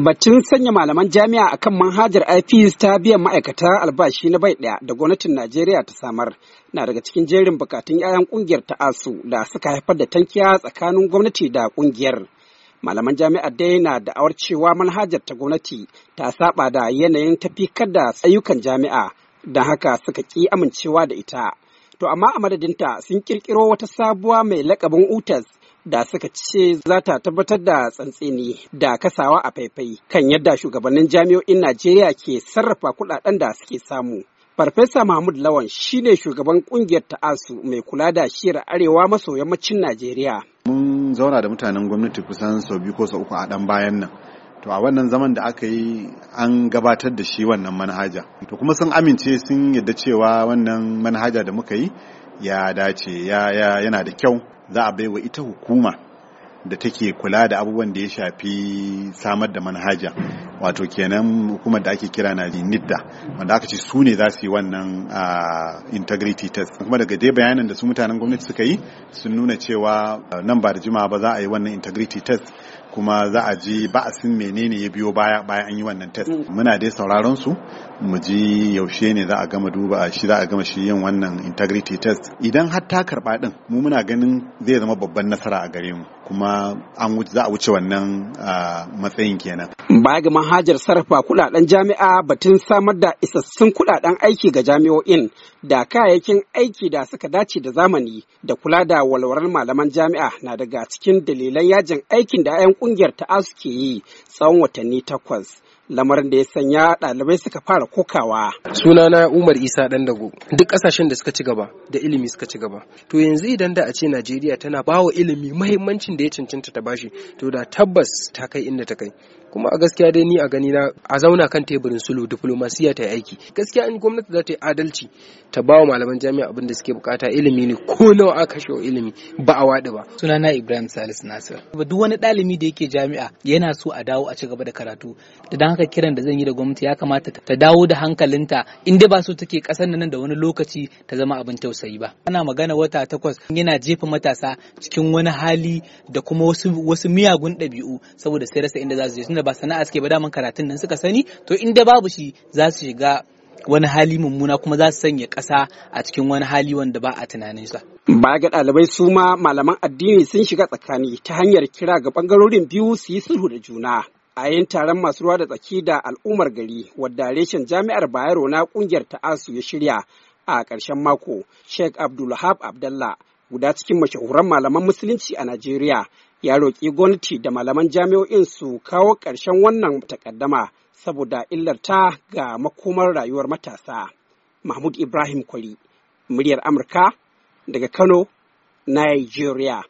Baccin sanya malaman jami'a akan manhajar IPs ta biyan ma'aikata albashi na bai ɗaya da gwamnatin Najeriya ta samar na daga cikin jerin bukatun 'ya'yan ƙungiyar ta ASU da suka haifar da tankiya tsakanin gwamnati da ƙungiyar. Malaman jami'a dai na da'awar cewa manhajar ta gwamnati ta saba da yanayin tafikar da tsayukan jami'a don haka suka ƙi amincewa da ita. To amma a madadinta sun ƙirƙiro wata sabuwa mai lakabin UTAS da suka ce za ta tabbatar da tsantseni da kasawa a faifai kan yadda shugabannin jami'o'in Najeriya ke sarrafa kuɗaɗen da suke samu. Farfesa Mahmud Lawan shine shugaban kungiyar ta'asu mai kula da shiyar arewa maso yammacin Najeriya. Mun zauna da mutanen gwamnati kusan sau biyu ko sau uku a ɗan bayan nan. to a wannan zaman da aka yi an gabatar da shi wannan manhaja to kuma sun amince sun yadda cewa wannan manhaja da muka yi ya dace ya yana da kyau za a baiwa ita hukuma da take kula da abubuwan da ya shafi samar da manhaja wato kenan hukumar da ake kira na nidda wanda aka ce su ne za su yi wannan integrity test kuma daga dai bayanan da su mutanen gwamnati suka yi sun nuna cewa nan ba da jimawa ba za a yi wannan integrity test kuma za a ji ba'asin menene ya biyo baya bayan an yi wannan test mm. muna dai sauraron su mu ji yaushe ne za a gama duba shi za a gama shi yin wannan integrity test idan har ta karba din mu muna ganin zai zama babban nasara a gare mu kuma an za a wuce wannan matsayin kenan. Baya ga manhajar sarrafa kudaden jami'a batun samar da isassun kudaden aiki ga jami'o'in da kayayyakin aiki da suka dace da zamani da kula da walwalar malaman jami'a na daga cikin dalilan yajin aikin da 'yan kungiyar ta ke yi tsawon watanni takwas. lamarin da ya sanya ɗalibai suka fara kokawa. Sunana Umar Isa Dandago duk ƙasashen da suka ci gaba da ilimi suka ci gaba. To yanzu idan da a ce Najeriya tana bawa ilimi mahimmancin da ya cancanta ta bashi to da tabbas ta kai inda ta kai. kuma a gaskiya dai ni a gani na a zauna kan teburin sulu diplomasiya ta yi aiki gaskiya in gwamnati za ta yi adalci ta ba wa malaman jami'a abin da suke bukata ilimi ne ko nawa aka shawo ilimi ba a waɗi ba sunana ibrahim salisu nasir duk wani ɗalibi da yake jami'a yana so a dawo a ci gaba da karatu da dan haka haka kiran da zan yi da gwamnati ya kamata ta dawo da hankalinta in dai ba su take kasar nan da wani lokaci ta zama abin tausayi ba ana magana wata takwas yana jefa matasa cikin wani hali da kuma wasu wasu miyagun dabi'u saboda sai rasa inda za su je tunda ba sana'a suke ba daman karatun nan suka sani to inda babu shi za su shiga wani hali mummuna kuma za su sanya ƙasa a cikin wani hali wanda ba a sa ba ga dalibai su ma malaman addini sun shiga tsakani ta hanyar kira ga bangarorin biyu su yi sulhu da juna. a yayin taron masu ruwa da tsaki da al'ummar gari wadda reshen jami'ar bayero na kungiyar ta'asu ya shirya a ƙarshen mako sheikh abdulhab abdallah guda cikin mashahuran malaman musulunci a najeriya ya roƙi gwamnati da malaman jami'o'in su kawo ƙarshen wannan takaddama saboda illarta ga makomar rayuwar matasa mahmud ibrahim kwari muryar amurka daga kano nigeria